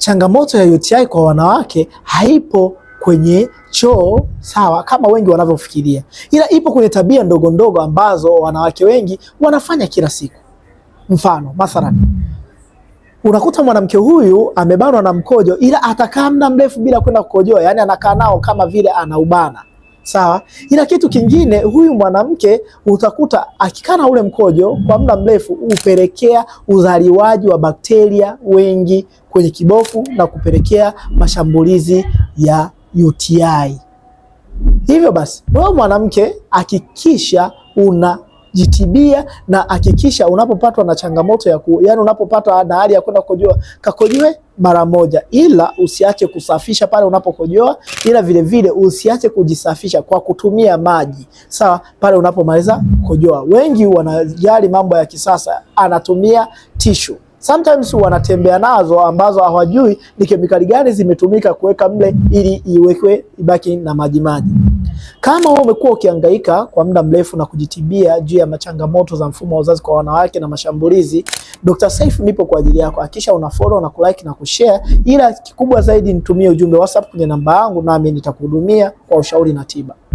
changamoto ya UTI kwa wanawake haipo kwenye choo sawa, kama wengi wanavyofikiria, ila ipo kwenye tabia ndogo ndogo ambazo wanawake wengi wanafanya kila siku. Mfano mathalan, unakuta mwanamke huyu amebanwa na mkojo, ila atakaa muda mrefu bila kwenda kukojoa, yani anakaa nao kama vile anaubana Sawa, ila kitu kingine, huyu mwanamke utakuta akikaa na ule mkojo kwa muda mrefu hupelekea uzaliwaji wa bakteria wengi kwenye kibofu na kupelekea mashambulizi ya UTI. Hivyo basi, wewe mwanamke hakikisha una jitibia na hakikisha unapopatwa na changamoto ya ku, yani unapopata na hali ya kwenda kukojoa, kakojoe mara moja, ila usiache kusafisha pale unapokojoa, ila vilevile usiache kujisafisha kwa kutumia maji sawa, pale unapomaliza kojoa. Wengi wanajali mambo ya kisasa, anatumia tishu sometimes wanatembea nazo ambazo hawajui ni kemikali gani zimetumika kuweka mle ili iwekwe ibaki na majimaji. Kama wewe umekuwa ukihangaika kwa muda mrefu na kujitibia juu ya changamoto za mfumo wa uzazi kwa wanawake na mashambulizi, Dr. saif nipo kwa ajili yako. Hakisha una follow na kulike na kushare, ila kikubwa zaidi nitumie ujumbe WhatsApp kwenye namba yangu, nami nitakuhudumia kwa ushauri na tiba.